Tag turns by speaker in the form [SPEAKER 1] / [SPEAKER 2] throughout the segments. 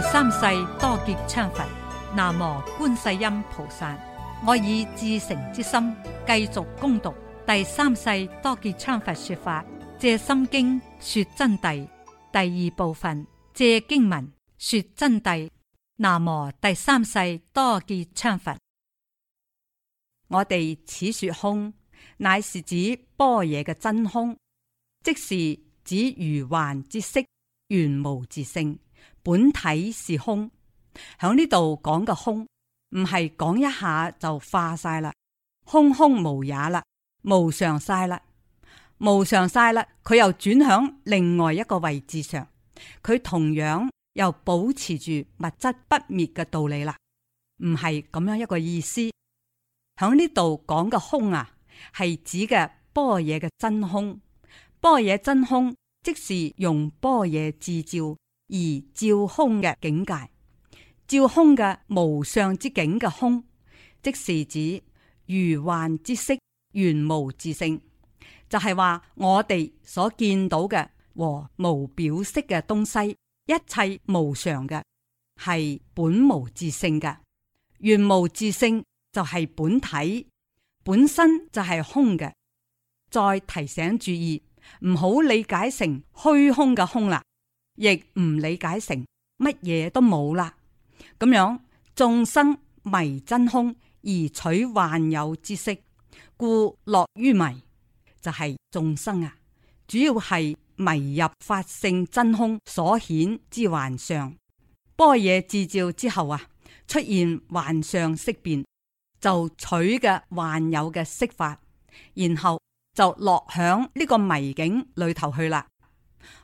[SPEAKER 1] 第三世多杰羌佛，南無觀世音菩薩。我以至誠之心繼續攻讀第三世多杰羌佛說法，借心經說真諦第二部分，借經文說真諦。南無第三世多杰羌佛。我哋此說空，乃是指般若嘅真空，即是指如幻之色，緣無自性。本體是空，喺呢度講個空，唔係講一下就化晒啦，空空無也啦，無常晒啦，無常晒啦，佢又轉向另外一個位置上，佢同樣又保持住物質不滅嘅道理啦，唔係咁樣一個意思。喺呢度講個空啊，係指嘅般若嘅真空，般若真空，即是用般若自照。而照空嘅境界，照空嘅無上之境嘅空，即是指如幻之色，原無自性。就係、是、話我哋所見到嘅和無表色嘅東西，一切無常嘅係本無自性嘅。原無自性就係本體本身就係空嘅。再提醒注意，唔好理解成虛空嘅空啦。亦唔理解成乜嘢都冇啦，咁樣，眾生迷真空而取幻有之色，故落於迷就係、是、眾生啊。主要係迷入法性真空所顯之幻相，般若自照之後啊，出現幻相色變，就取嘅幻有嘅色法，然後就落響呢個迷境裏頭去啦。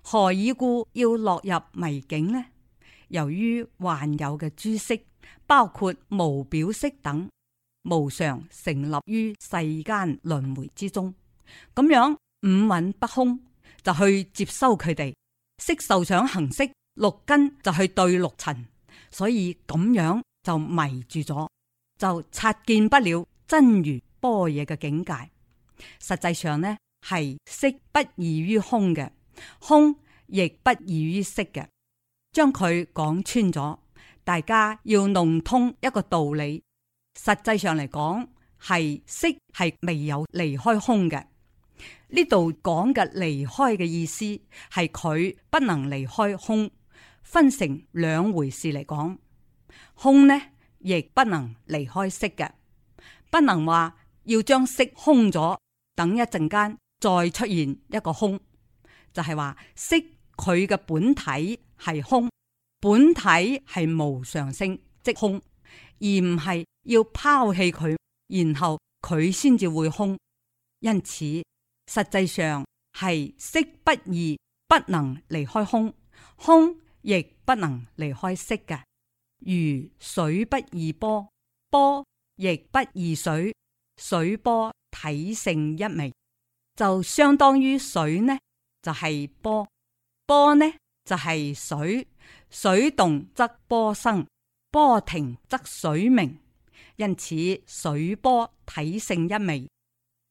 [SPEAKER 1] 何以故要落入迷境呢？由於患有嘅珠色，包括無表色等，無常成立於世間輪回之中，咁樣五蘊不空就去接收佢哋色受想行識，六根就去對六塵，所以咁樣就迷住咗，就察見不了真如般若嘅境界。實際上呢係色不異於空嘅。空亦不異於色嘅，將佢講穿咗，大家要弄通一個道理。實際上嚟講，係色係未有離開空嘅。呢度講嘅離開嘅意思係佢不能離開空，分成兩回事嚟講。空呢亦不能離開色嘅，不能話要將色空咗，等一陣間再出現一個空。就係話色佢嘅本體係空，本體係無常性，即空，而唔係要拋棄佢，然後佢先至會空。因此實際上係色不異，不能離開空，空亦不能離開色嘅。如水不異波，波亦不異水，水波體性一味，就相當於水呢，就係波，波呢就係、是、水，水動則波生，波停則水明。因此水波體性一味，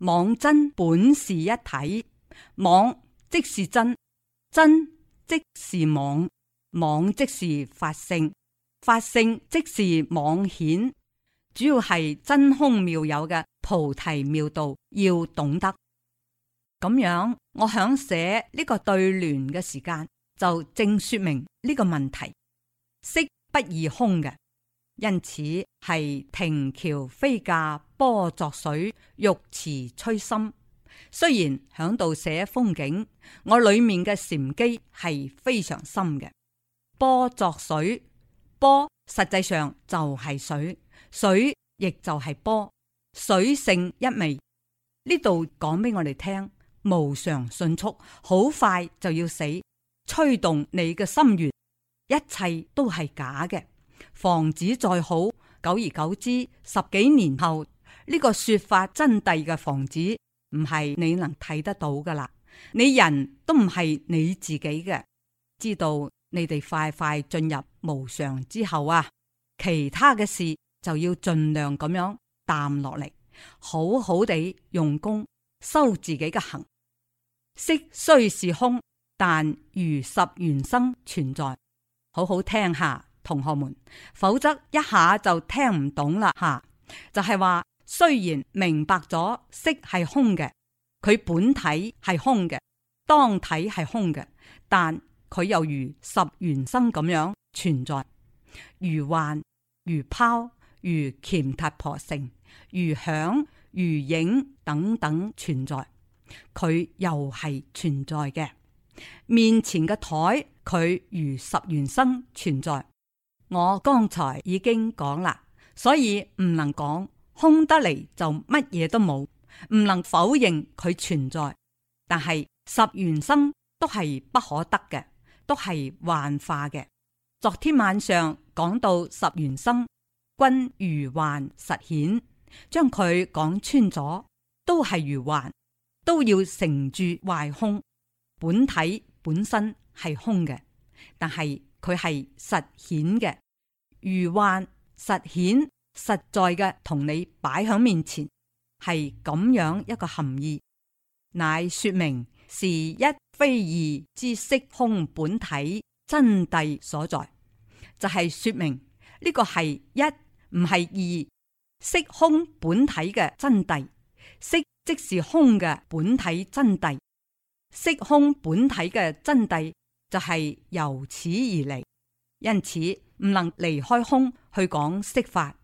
[SPEAKER 1] 妄真本是一體，妄即是真，真即是妄，妄即是法性，法性即是妄顯。主要係真空妙有嘅菩提妙道，要懂得。咁樣，我響寫呢個對聯嘅時間就正說明呢個問題，色不異空嘅。因此係亭橋飛架波作水，玉池吹心。雖然響度寫風景，我裏面嘅禪機係非常深嘅。波作水，波實際上就係水，水亦就係波，水性一味。呢度講俾我哋聽。無常迅速，好快就要死，吹動你嘅心弦，一切都係假嘅。房子再好，久而久之，十幾年後呢、這個說法真諦嘅房子唔係你能睇得到噶啦。你人都唔係你自己嘅，知道你哋快快進入無常之後啊，其他嘅事就要儘量咁樣淡落嚟，好好地用功修自己嘅行。色雖是空，但如十緣生存在，好好聽下，同學們，否則一下就聽唔懂啦吓。就係、是、話，雖然明白咗色係空嘅，佢本體係空嘅，當體係空嘅，但佢又如十緣生咁樣存在，如幻、如泡、如乾闥婆城、如響、如影等等存在。佢又係存在嘅，面前嘅台，佢如十緣生存在。我剛才已經講啦，所以唔能講空得嚟就乜嘢都冇，唔能否認佢存在。但係十緣生都係不可得嘅，都係幻化嘅。昨天晚上講到十緣生均如幻實顯，將佢講穿咗，都係如幻。都要成住壞空，本體本身係空嘅，但係佢係實顯嘅，如幻實顯實在嘅同你擺喺面前，係咁樣一個含義，乃說明是一非二之色空本體真諦所在，就係、是、說明呢個係一唔係二色空本體嘅真諦色。即是空嘅本體真諦，色空本體嘅真諦就係由此而嚟，因此唔能離開空去講色法。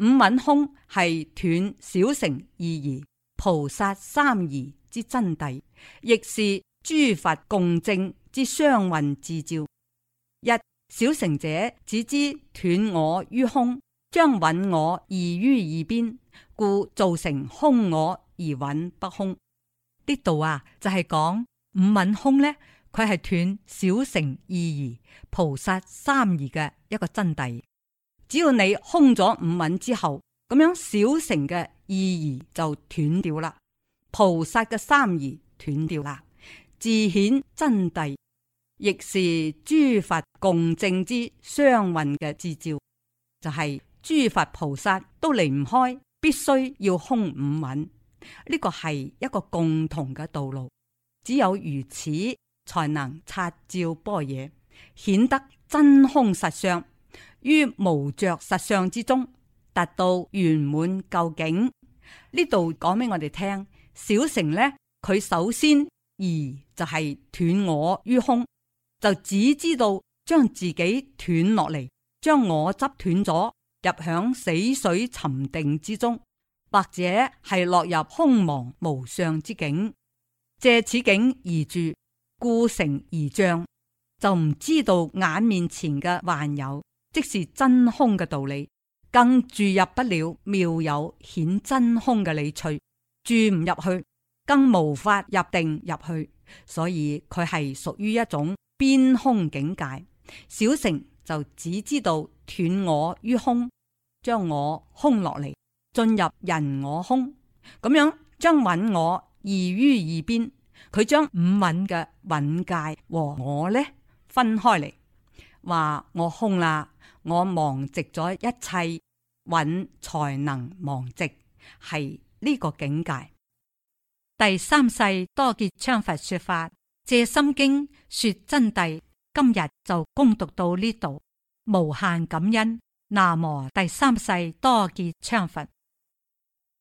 [SPEAKER 1] 五蘊空係斷小乘二疑、菩薩三疑之真諦，亦是諸佛共證之雙運自照。一小乘者只知斷我於空，將蘊我異於二邊，故造成空我。而蘊不空，啊就是、空呢度啊就係講五蘊空咧，佢係斷小乘二疑、菩薩三疑嘅一個真諦。只要你空咗五蘊之後，咁樣小乘嘅二疑就斷掉啦，菩薩嘅三疑斷掉啦，自顯真諦，亦是諸佛共證之雙運嘅智照，就係、是、諸佛菩薩都離唔開，必須要空五蘊。呢個係一個共同嘅道路，只有如此，才能察照般若，顯得真空實相於無着實相之中達到圓滿究竟。呢度講俾我哋聽，小乘呢，佢首先而就係斷我於空，就只知道將自己斷落嚟，將我執斷咗，入響死水沉定之中。或者係落入空茫無上之境，借此境而住，故成而障，就唔知道眼面前嘅幻有，即是真空嘅道理，更住入不了妙有顯真空嘅理趣，住唔入去，更無法入定入去，所以佢係屬於一種邊空境界。小成就只知道斷我於空，將我空落嚟。進入人我空咁樣，將蘊我移於二邊，佢將五蘊嘅蘊界和我呢分開嚟，話我空啦，我忘寂咗一切蘊才能忘寂，係呢個境界。第三世多杰羌佛說法《藉心經》說真諦，今日就恭讀到呢度，無限感恩。那麼第三世多杰羌佛。